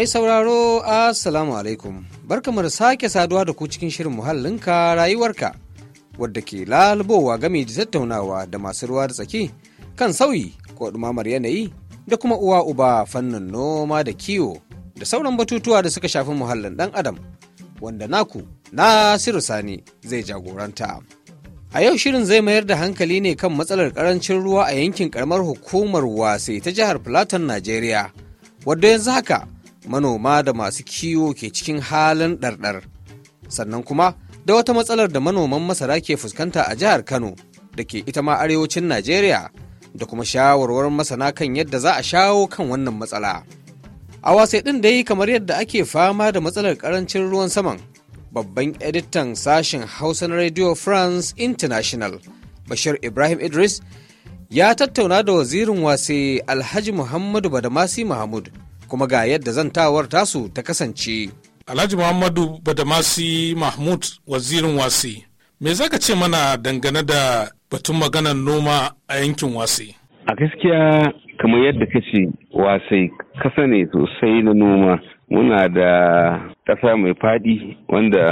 Mai sauraro Assalamu alaikum barkamu da sake saduwa da ku cikin shirin muhallinka rayuwarka wadda ke lalubowa game da tattaunawa da masu ruwa da tsaki kan sauyi ko ɗumamar yanayi da kuma uwa uba fannin noma da kiwo da sauran batutuwa da suka shafi muhallin ɗan adam wanda naku Nasiru Sani zai jagoranta. A yau shirin zai mayar da hankali ne kan matsalar ƙarancin ruwa a yankin karamar hukumar wasai ta jihar Filaton Najeriya, wadda yanzu haka manoma da masu kiwo ke cikin halin ɗarɗar sannan kuma da wata matsalar da manoman masara ke fuskanta a jihar kano da ke ita ma arewacin najeriya da kuma shawarwar masana kan yadda za a shawo kan wannan matsala a wasai ɗin da dai kamar yadda ake fama da matsalar ƙarancin ruwan saman babban editan sashen hausa na radio france international bashir ibrahim idris ya tattauna da wazirin wase alhaji muhammadu badamasi mahmud kuma ga yadda zantawar tasu ta kasance. Alhaji Muhammadu Badamasi Mahmud wazirin wasi. Me zaka ce mana dangane da batun maganar noma a yankin wasi? A gaskiya kamar yadda kace wasai kasa ne sosai na noma muna da ƙasa mai faɗi wanda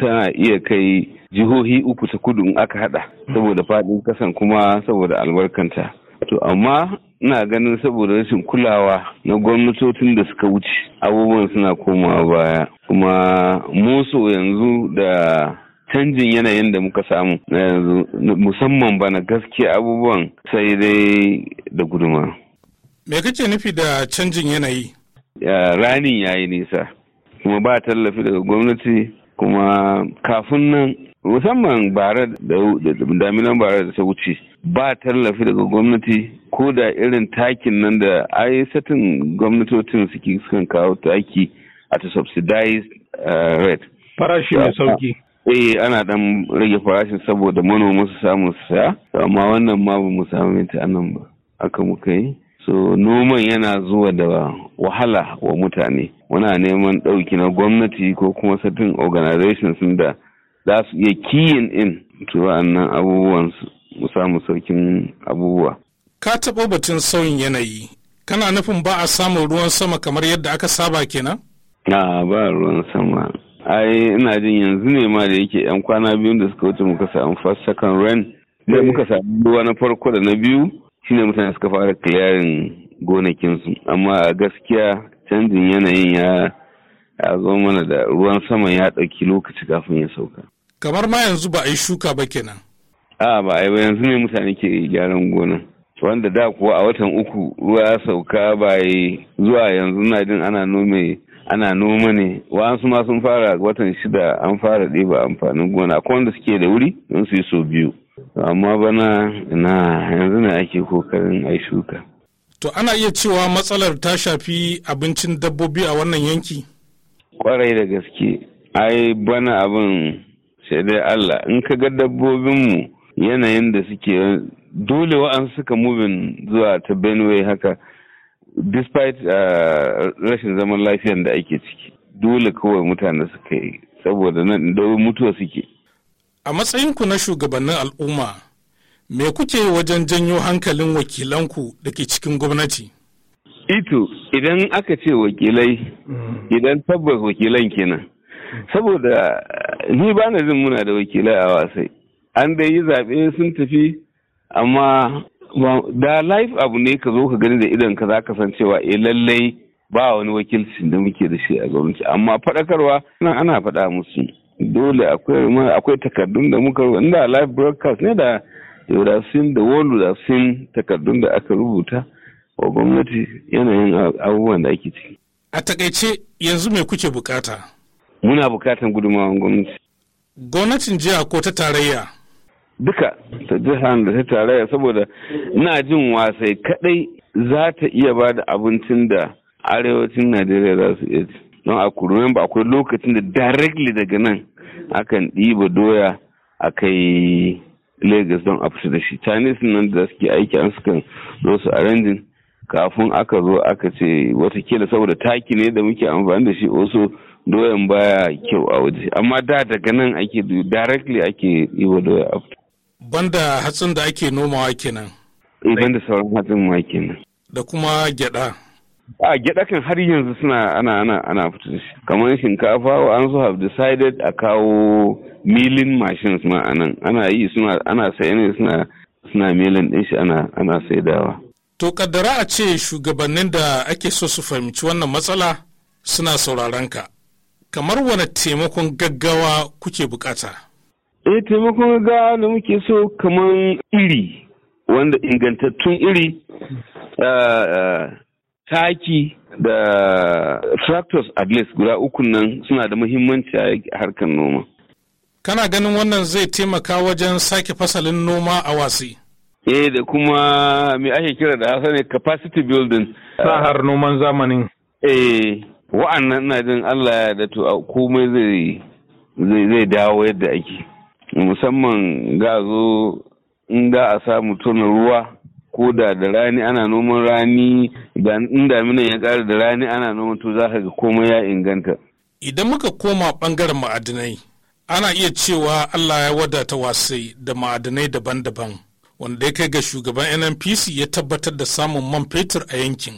tana iya kai jihohi uku ta kudu in aka hada saboda faɗin kasan kuma saboda albarkanta. To amma ina ganin saboda rashin kulawa na gwamnatocin da suka wuce abubuwan suna komawa baya kuma Muso yanzu da canjin yanayin da muka samu na yanzu musamman bana gaskiya abubuwan sai dai da guduma. Me kace nufi da canjin yanayi? Ranin ya yi nisa kuma ba tallafi daga gwamnati kuma kafin nan musamman bara da daminan bara da ta wuce ba tallafi daga gwamnati ko da irin takin nan da ai satin gwamnatocin suke sukan kawo taki at a subsidized uh, rate farashi mai sauki eh ana dan rage farashin saboda manoma su samu saya amma wannan ma ba mu samu ta anan ba aka muka yi so noman yana zuwa da wahala wa mutane muna neman ɗauki na gwamnati ko kuma satin organizations da za su iya kiyin in to abubuwan su mu samu saukin abubuwa. Ka taɓa batun sauyin yanayi, kana nufin ba a samun ruwan sama kamar yadda aka saba kenan? A ba ruwan sama. Ai ina jin yanzu ne ma da yake 'yan kwana biyun da suka wuce muka samu first second rain. Sai muka samu ruwa na farko da na biyu shine mutane suka fara clearing gonakinsu. Amma gaskiya canjin yanayin ya ya zo mana da ruwan sama ya ɗauki lokaci kafin ya sauka. Kamar ma yanzu ba a yi shuka ba kenan. a ba ai ba yanzu ne mutane ke gyaran gona. wanda da kuwa a watan uku ruwa ya sauka bai zuwa yanzu na jin ana nome ana noma ne wasu ma sun fara watan shida an fara ɗeba amfanin gona ko wanda suke da wuri don su yi so biyu amma bana na yanzu ne ake kokarin ai shuka to ana iya cewa matsalar ta shafi abincin dabbobi a wannan yanki kwarai da gaske ai bana abin sai dai Allah in ka ga dabbobinmu yanayin da suke dole wa'an suka mubin zuwa ta benue haka despite uh, rashin zaman lafiyar da ake ciki dole kawai mutane suka yi saboda nan dawai mutuwa suke a matsayinku na shugabannin al'umma me kuke wajen janyo hankalin wakilanku da ke cikin gwamnati ito idan aka ce wakilai idan tabbas wakilan kenan saboda ni ba na jin muna da wakilai a wasai an da yi zaɓe sun tafi amma da life abu ne ka zo ka gani da idan ka za ka san cewa eh lallai ba wani wakilcin da muke da shi a gwamnati amma faɗakarwa ana faɗa musu dole akwai takardun da muka inda live broadcast ne da sun da wolu da sun takardun da aka rubuta wa gwamnati yanayin abubuwan da ake ciki. A takaice yanzu me kuke bukata? Muna bukatan gudunmawar gwamnati. Gwamnatin jiya ko ta tarayya duka ta jihar da ta taraya saboda ina jin wasai kadai za ta iya ba da abincin da arewacin najeriya za su iya ci don a kurumin ba akwai lokacin da directly daga nan akan ɗiba doya a kai lagos don a fita da shi chinese nan da suke aiki an sukan zo su arrangin kafin aka zo aka ce watakila saboda taki ne da muke amfani da shi wasu doyan baya kyau a waje amma da daga nan ake directly ake yi wa doya a banda hatsin da ake nomawa kenan idan eh, da sauran hatsin ma kenan da kuma gyada a gyada kan har yanzu suna ana ana ana fito kamar shinkafa an so have decided a kawo milling machines ma anan ana yi suna ana sayan suna suna milling din shi ana ana saidawa to kaddara a ce shugabannin da ake so su fahimci wannan matsala suna sauraron ka kamar wani taimakon gaggawa kuke bukata eh taimakon ga da muke so kamar iri wanda ingantattun iri eh, eh, taki da tractors at least guda uku nan suna da muhimmanci a harkar noma kana ganin wannan zai taimaka wajen sake fasalin noma a wasi eh da kuma me ake kira da hausa ne capacity building sahar noman zamanin eh wa'annan ina jin allah ya da to komai zai dawo yadda ake musamman ga zo in da a samu tona ruwa ko da da rani ana noman rani in daminan ya ƙara da rani ana noman to za ka ga komai ya inganta. Idan muka koma ɓangaren ma'adinai ana iya cewa Allah ya wadata wasai da ma'adinai daban-daban wanda ya kai ga shugaban NNPC ya tabbatar da samun man fetur a yankin.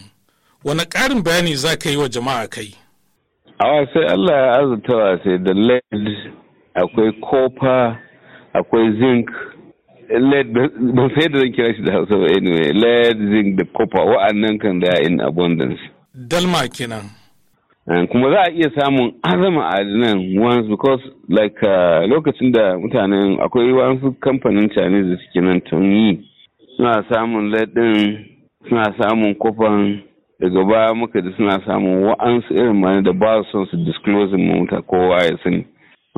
Wani ƙarin bayani za ka yi wa jama'a kai? A wasai Allah ya azurta wasai da lead akwai kofa akwai zinc lead ba sai da zan kira shi da hausa ba anyway lead zinc da copper wa'annan kan da in abundance dalma kenan kuma za a iya samun azama a nan once because like uh, lokacin da mutanen akwai wasu kamfanin chinese da suke nan tun yi suna samun lead din suna samun kofan daga baya muka ji suna samun wa'ansu irin mani da ba su son su disclosing mu kowa ya sani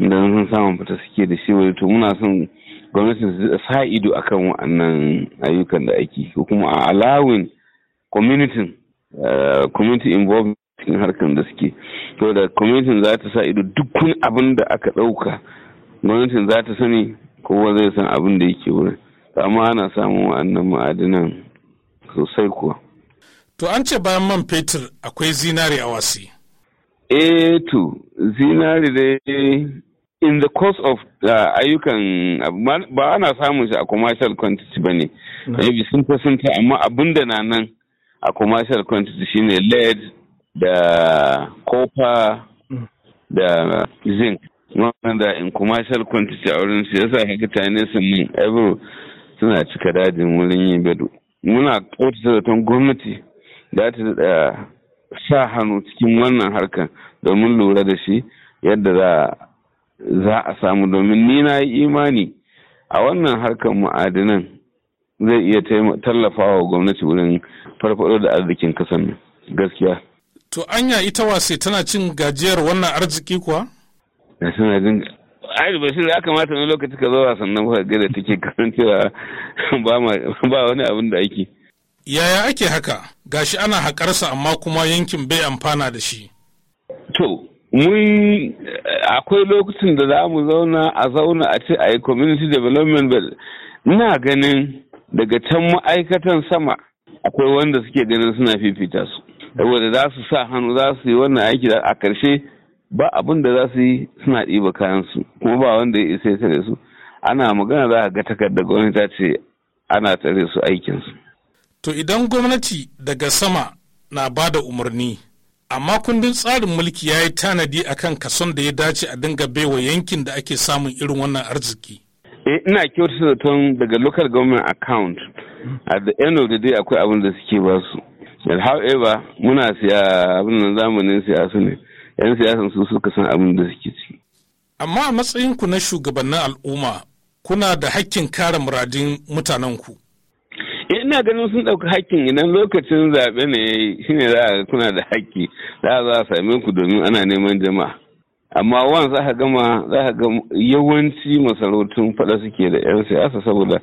wanda sun samun fita suke da shi wani to muna son gwamnatin sa ido a kan wa'annan ayyukan da ake ko kuma a allowing community eh, community involved harkar da suke to da gwamnatin za ta sa ido duk wani abin da aka ɗauka gwamnatin za ta sani kowa zai san abin da yake wurin amma ana samun wa'annan ma'adinan sosai kuwa To an ce bayan man fetur akwai zinari a wasi. Eh to, zinari dai in the course of uh, ayyukan ba ana samun shi a commercial quantity ba ne maybe sun fasanta amma abin da na nan a commercial quantity shine lead da copper mm. da zinc wanda in commercial quantity a wurin su yasa kaga tane sannan ebro suna cika dajin wurin yin bedu muna kyautata zaton gwamnati da ta da sa hannu cikin wannan harkar domin lura da shi yadda za za a samu domin ni na yi imani a wannan harkar ma'adinan zai iya tallafawa gwamnati wurin farfado da arzikin kasan gaskiya to anya ita wasai tana cin gajiyar wannan arziki kuwa da suna jin ai bashir ya kamata wani lokaci ka zo sannan ba ga da take karantarwa, ba wani abin da ake yaya ake haka gashi ana haƙarsa amma kuma yankin bai amfana da shi to mun akwai lokacin da za mu zauna a zauna a ce a yi community development but ina ganin daga can ma'aikatan sama akwai wanda suke ganin suna fifita su saboda za su sa hannu za su yi wannan aiki a karshe ba abin da za su yi suna ɗiba kayan su kuma ba wanda ya isa ya su ana magana za a ga takardar gwamnati ta ce ana tare su aikinsu. To idan gwamnati daga sama na ba da umarni amma kundin tsarin mulki ya yi tanadi akan kason da ya dace a dinga baiwa yankin da ake samun irin wannan arziki eh, ina kyautata zaton daga local government account at the end of the day akwai abin da suke ba su however muna siya abin nan zamanin siyasa ne yan siyasan su suka san abin da suke ci amma a matsayinku na shugabannin al'umma kuna da hakkin kare muradin mutanenku ina ganin sun ɗauki hakkin idan lokacin zaɓe ne shine za a kuna da hakki za a za a same ku domin ana neman jama'a amma wan za a gama za a ga yawanci masarautun faɗa suke da 'yan siyasa saboda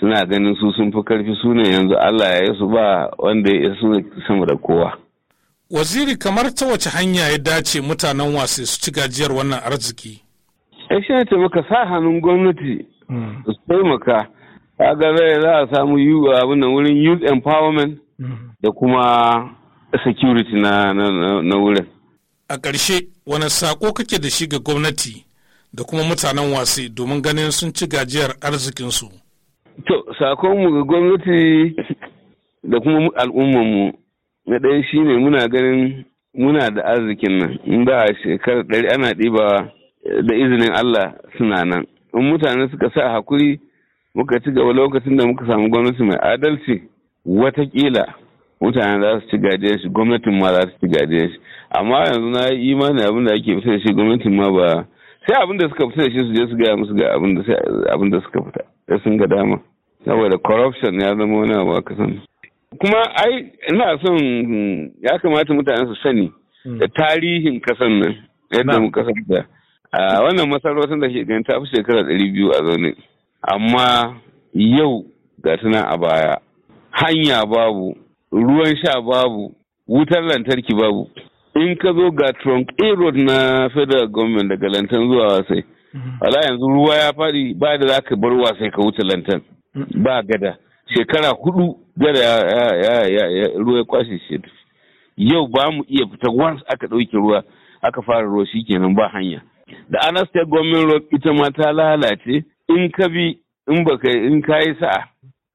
suna ganin su sun fi karfi su ne yanzu Allah ya su ba wanda ya su sama da kowa. Waziri kamar ta wace hanya ya dace mutanen wasu su ci gajiyar wannan arziki? Ya eh, shi ne taimaka sa hannun gwamnati hmm. su taimaka. kaga za a samu abin wurin youth empowerment da kuma security na, na, wurin a ƙarshe wani sako kake da shi ga gwamnati da kuma mutanen wasi domin ganin sun ci gajiyar arzikinsu to sakonmu ga gwamnati da kuma al'ummanmu na ɗaya shine muna ganin muna da arzikin nan in da shekarar ɗari ana ɗibawa eh, da izinin allah suna nan in mutane suka sa hakuri muka ci gaba lokacin da muka samu gwamnati mai adalci watakila mutane za su ci gajiyar shi gwamnatin ma za su ci gajiyar shi amma yanzu na yi imani abin da ake fita da shi gwamnatin ma ba sai abin da suka fita da shi su je su gaya musu ga abin da suka fita da sun ga dama saboda corruption ya zama wani abu a kasan kuma ai ina son ya kamata mutane su sani hmm. da tarihin kasan nan yadda mu kasanta a ah, wannan masarautar da ke ganin ta fi shekara ɗari biyu a zaune amma yau ga nan a baya hanya babu ruwan sha babu wutar lantarki babu in ka zo ga trunk a road na federal government daga lantan zuwa wasai mhm. wala yanzu ruwa ya faɗi ba da za ka bar wasai ka wuce lantan mm. ba gada shekara hudu gada ya ruwa ya kwashe shi yau ba mu iya fita once aka ɗauke ruwa aka fara ruwa kenan ba hanya da anastar state government road ita ma ta lalace in ka bi in ba ka in ka yi sa'a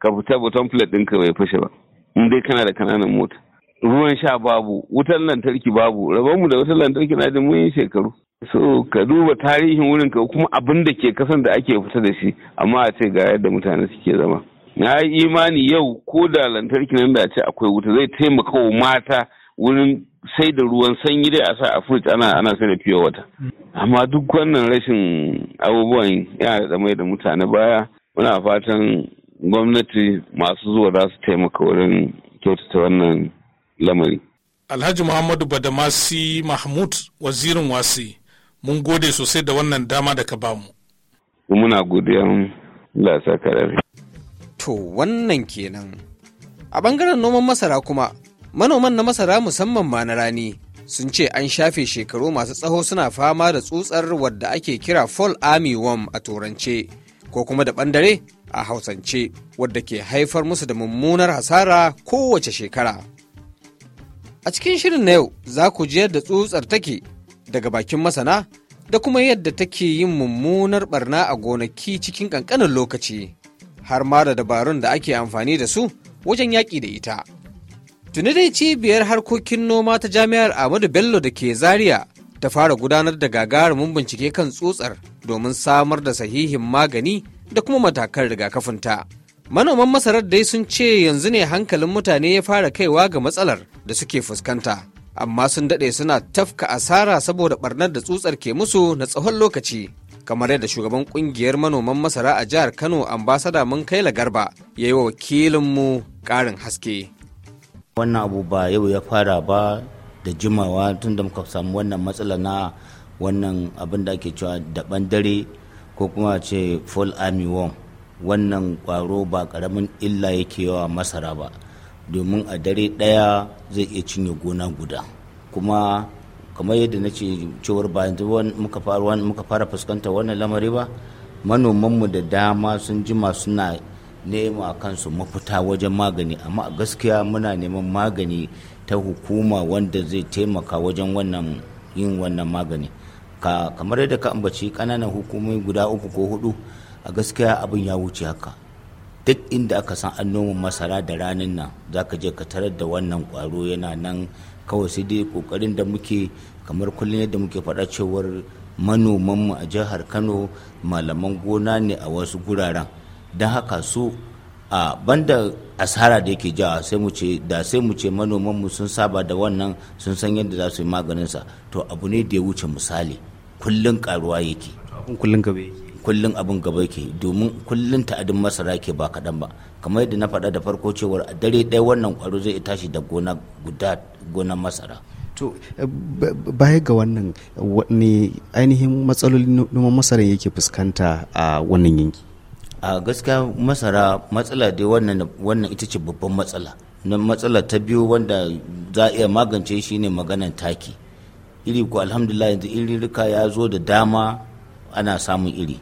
ka fita button plate ka bai fashe ba in dai kana da kananan mota ruwan sha babu wutar lantarki babu rabonmu da wutar lantarki na da mun yi shekaru so ka duba tarihin wurin ka kuma abin da ke kasan da ake fita da shi amma a ce ga yadda mutane suke zama na yi imani yau ko da lantarki nan da ce akwai wuta zai taimaka wa mata wurin sai da ruwan sanyi dai a sa a fridge ana ana sai da fiye wata amma duk wannan rashin abubuwan yana da mai da mutane baya muna fatan gwamnati masu zuwa za su taimaka wurin kyautata wannan lamari alhaji muhammadu badamasi mahmud wazirin wasi mun gode sosai da wannan dama da ka bamu muna godiya lasa ya to wannan kenan a bangaren noman masara kuma manoman na masara musamman ma na rani sun ce an shafe shekaru masu tsaho suna fama da tsutsar wadda ake kira fall army worm a turance ko kuma da ɓandare a hausance wadda ke haifar musu da mummunar hasara kowace shekara a cikin shirin na yau za ku ji yadda tsutsar take daga bakin masana da kuma yadda take yin mummunar barna a gonaki cikin kankanin lokaci har ma da dabarun da ake amfani da su wajen yaƙi da ita. Tuni dai cibiyar harkokin noma ta jami'ar Ahmadu Bello da ke Zaria ta fara gudanar da gagarumin bincike kan tsutsar domin samar da sahihin magani da kuma matakan rigakafinta. Manoman masarar dai sun ce yanzu ne hankalin mutane ya fara kaiwa ga matsalar da suke fuskanta. Amma sun daɗe suna tafka asara saboda ɓarnar da tsutsar ke musu na tsawon lokaci. kamar yadda shugaban ƙungiyar manoman masara a jihar kano ambasada mun kai la garba ya yi wa wakilinmu ƙarin haske wannan abu ba yau ya fara ba da jimawa tun da muka samu wannan matsala na wannan abin da ake cewa daban dare ko kuma ce full army worm wannan kwaro ba karamin illa yake yawa masara ba domin a dare ɗaya zai iya cinye gona guda kuma kamar yadda na ce cewar ba muka fara fuskanta wannan lamari ba manomanmu da dama sun jima suna nema kansu mafita wajen magani amma gaskiya muna neman magani ta hukuma wanda zai taimaka wajen wannan yin wannan magani ka kamar yadda ka ambaci kananan hukumomi guda uku ko hudu a gaskiya abin ya wuce haka duk inda aka san an noma masara da ranin nan za ka je ka tarar da wannan kwaro yana nan kawai sai dai kokarin da muke kamar kullum yadda muke faɗa cewar manomanmu a jihar kano malaman gona ne a wasu guraren don haka su a banda asara da yake jawa sai mu ce da sai mu ce manoman mu sun saba da wannan sun san yadda za su yi maganin sa to abu ne da ya wuce misali kullun karuwa yake kullun gaba yake kullun abun gaba yake domin kullun ta'adin masara ke ba kaɗan ba kamar yadda na faɗa da farko cewar a dare ɗaya wannan kwaro zai tashi da gona guda gonar masara to baya ga wannan ne ainihin matsalolin noman masara yake fuskanta a wannan yanki a gaskiya masara matsala dai wannan ita ce babban matsala na matsala ta biyu wanda za a iya magance shi ne maganan taki iri ko alhamdulillah yanzu iririka ya zo da dama ana samun iri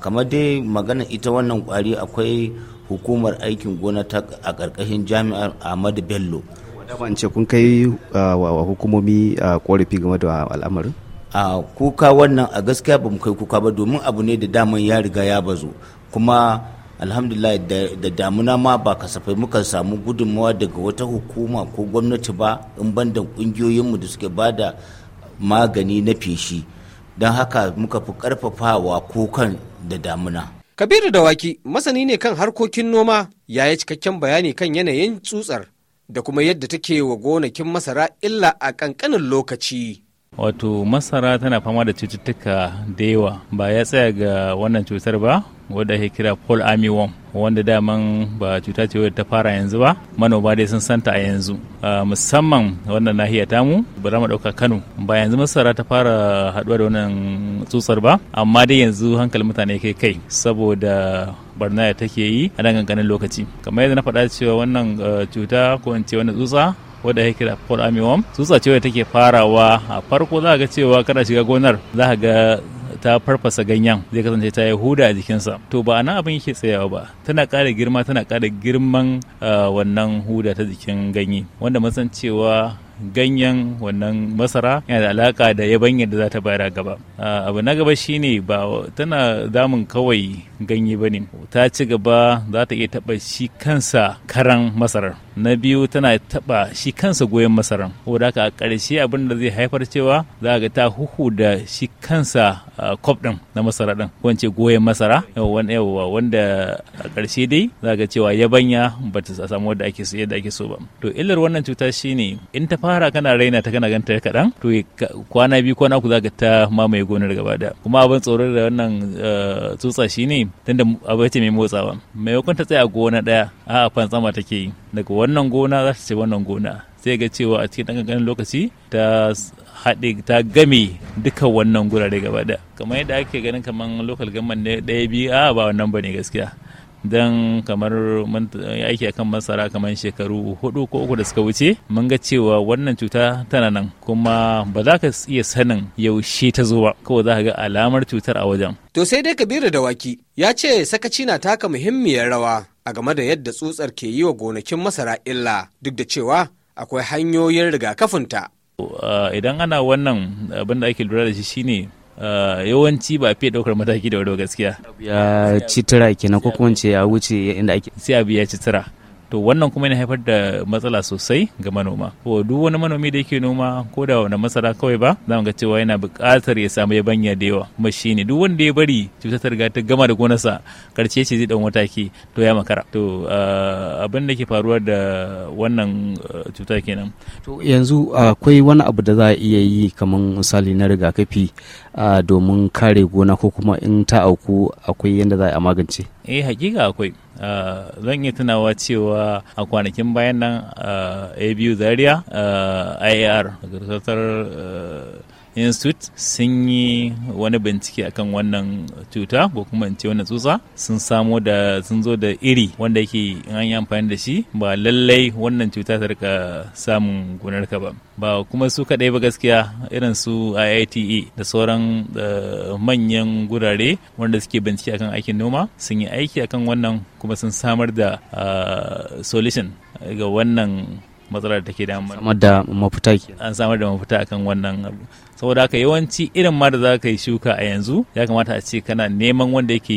kamar dai magana ita wannan kwari akwai hukumar aikin gona ta a ƙarƙashin jami'ar ahmadu bello wadda ce kun kai wa hukumomi korafi game da al'amarin a kuka wannan a gaskiya ba mu kai kuka ba domin abu ne da daman ya riga ya bazo kuma alhamdulillah da damuna ma ba kasafai muka samu gudunmawa daga wata hukuma ko gwamnati ba in banda kungiyoyinmu da suke ba da magani na feshi don haka muka fi karfafawa kukan da damuna kabiru da Waki masani ne kan harkokin noma ya yi cikakken bayani kan yanayin tsutsar da kuma yadda take wa gonakin masara illa a kankanin lokaci wato masara tana fama da cututtuka da yawa ba ya tsaya ga wannan cutar ba wadda ake kira paul armyworm wanda daman ba cuta ce wadda ta fara yanzu ba manoma dai sun santa a yanzu musamman wannan nahiya tamu ba za mu ɗauka kano ba yanzu masara ta fara haɗuwa da wannan tsutsar ba amma dai yanzu hankalin mutane kai kai saboda barna da take yi a nan lokaci kamar yadda na faɗa cewa wannan eh, cuta ko in ce wannan tsutsa wadda ya kira fall armyworm tsutsa ce take farawa a farko za ga cewa kana shiga gonar za ga ta farfasa ganyen zai kasance ta yi huda a jikinsa to ba a nan abin yake tsayawa ba tana ƙara girma tana ƙara girman wannan huda ta jikin ganye wanda mun san cewa ganyen wannan masara yana da alaka da yabanya da za ta bayar gaba abu na gaba shine ba tana damun kawai ganye ba ne ta ci gaba za ta iya taɓa shi kansa karan masarar na biyu tana taba shi kansa goyon masaran wadda ka a ƙarshe abin da zai haifar cewa za ga ta huhu da shi kansa kwab ɗin na masara din ko ce goyon masara wanda a ƙarshe dai za ga cewa yabanya ba ta samu wadda ake so yadda ake so ba to illar wannan cuta shine in ta fara kana raina ta kana ganta kaɗan to kwana biyu kwana uku za ka ta mamaye gonar gaba da kuma abin tsoro da wannan tsutsa shine tunda abin ce mai motsawa maimakon ta tsaya gona ɗaya a fantsama take yi daga wannan gona za ta ce wannan gona zai ga cewa a cikin ɗan lokaci ta haɗe ta game duka wannan gurare gaba da kamar yadda ake ganin kamar local government ne ɗaya biyu a ba wannan ba ne gaskiya don kamar mun eh, aiki akan masara kamar shekaru hudu ko uku da suka wuce mun ga cewa wannan cuta tana nan kuma ba za ka iya sanin yaushe ta zo ba kawai za ka ga alamar cutar a wajen to sai dai kabiru dawaki ya ce sakaci na taka muhimmiyar rawa a game da yadda tsutsar ke yi wa gonakin masara illa duk da cewa akwai hanyoyin rigakafinta. Uh, idan ana wannan uh, abin da ake lura da shi shine uh, yawanci ba fiye daukar mataki da wuri gaskiya. Ya ci tura kenan ko kuma ce ya wuce inda ake. Sai abu ya ci tura. to wannan kuma yana haifar da matsala sosai ga manoma ko duk wani manomi da yake noma ko da wani masara kawai ba za mu ga cewa yana buƙatar ya samu banya da yawa kuma shine duk wanda ya bari cutar ta riga ta gama da gonarsa karce ce zai dan wataki to ya makara to ah, abin da ke faruwa da wannan ah, cuta kenan to yanzu akwai wani abu da za a iya yi kamar misali na rigakafi ah, domin kare gona ko kuma in ta auku akwai yadda za a magance eh hakika akwai ah, zan iya tunawa cewa a kwanakin bayan nan ah, a biyu zaria ah, ir institute sun yi wani bincike akan wannan cuta ko kuma in ce wannan tsutsa sun samo da sun zo da iri wanda yake in an yi amfani da shi ba lallai wannan cuta ta rika samun gonarka ba ba kuma su kaɗai ba gaskiya irin su IITE da sauran eh, manyan gurare wanda suke bincike akan aikin noma sun yi aiki akan wannan kuma sun samar da eh, solution ga wannan matsalar da take da da mafita ke an samar da mafita akan wannan abu saboda haka yawanci irin ma da za ka yi shuka a yanzu ya kamata a ce kana neman wanda yake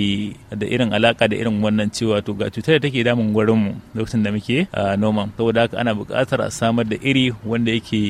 da irin alaka da irin wannan cewa to ga cutar da take damun gwarin mu lokacin da muke a noma saboda haka ana buƙatar a samar da iri wanda yake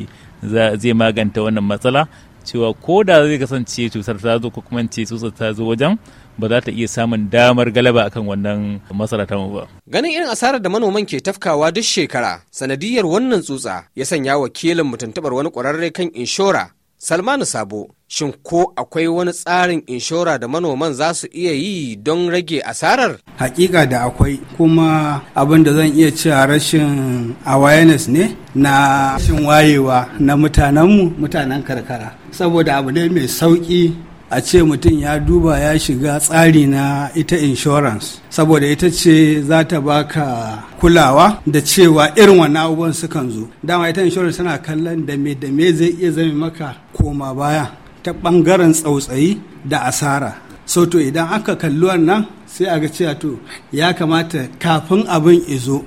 zai maganta wannan matsala cewa ko da zai kasance cutar ta zo ko kuma ce tsutsar ta zo wajen ba za ta iya samun damar galaba akan wannan masara ta ba. Ganin irin asarar da manoman ke tafkawa duk shekara sanadiyar wannan tsutsa ya sanya wakilin mutuntubar wani ƙwararre kan inshora Salmanu Sabo shin ko akwai wani tsarin inshora da manoman za su iya yi don rage asarar? Hakika da akwai kuma abin da zan iya cewa rashin awareness ne na rashin wayewa na mutanenmu mutanen karkara saboda abu ne mai sauki a ce mutum ya duba ya shiga tsari na ita insurance saboda ita ce za ta baka kulawa da cewa irin wannan abubuwan sukan zo dama ita insurance tana kallon da me da me zai iya zame maka koma baya ta bangaren tsautsayi da asara so to idan aka kalli wannan sai a ga cewa to ya kamata kafin abin izo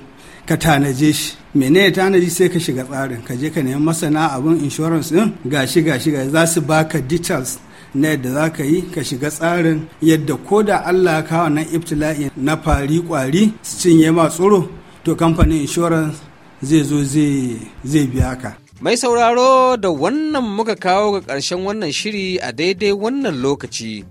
ka tanaje shi mene ya tanaji sai ka shiga tsarin ka je ka nemi masana abin insurance din gashi gashi gashi za su baka details na yadda za ka yi ka shiga tsarin yadda ko da Allah ya kawo nan iftila'i na fari kwari su cinye ma tsoro to kamfanin insurance zai zo zai biya ka. Mai sauraro da wannan muka kawo ga ƙarshen wannan shiri a daidai wannan lokaci.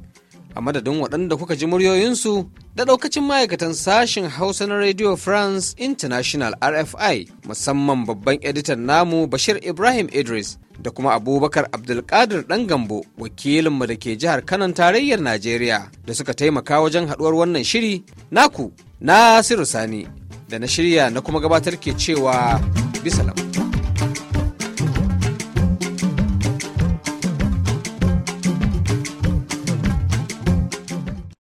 A madadin waɗanda kuka ji muryoyinsu da ɗaukacin ma'aikatan sashen Hausa na Radio France International RFI musamman babban editan namu Bashir Ibrahim Idris da kuma abubakar abdulkadir dan gambo wakilinmu da ke jihar kanan tarayyar najeriya da suka taimaka wajen haduwar wannan shiri naku nasiru sani da na shirya na kuma gabatar ke cewa bisalam.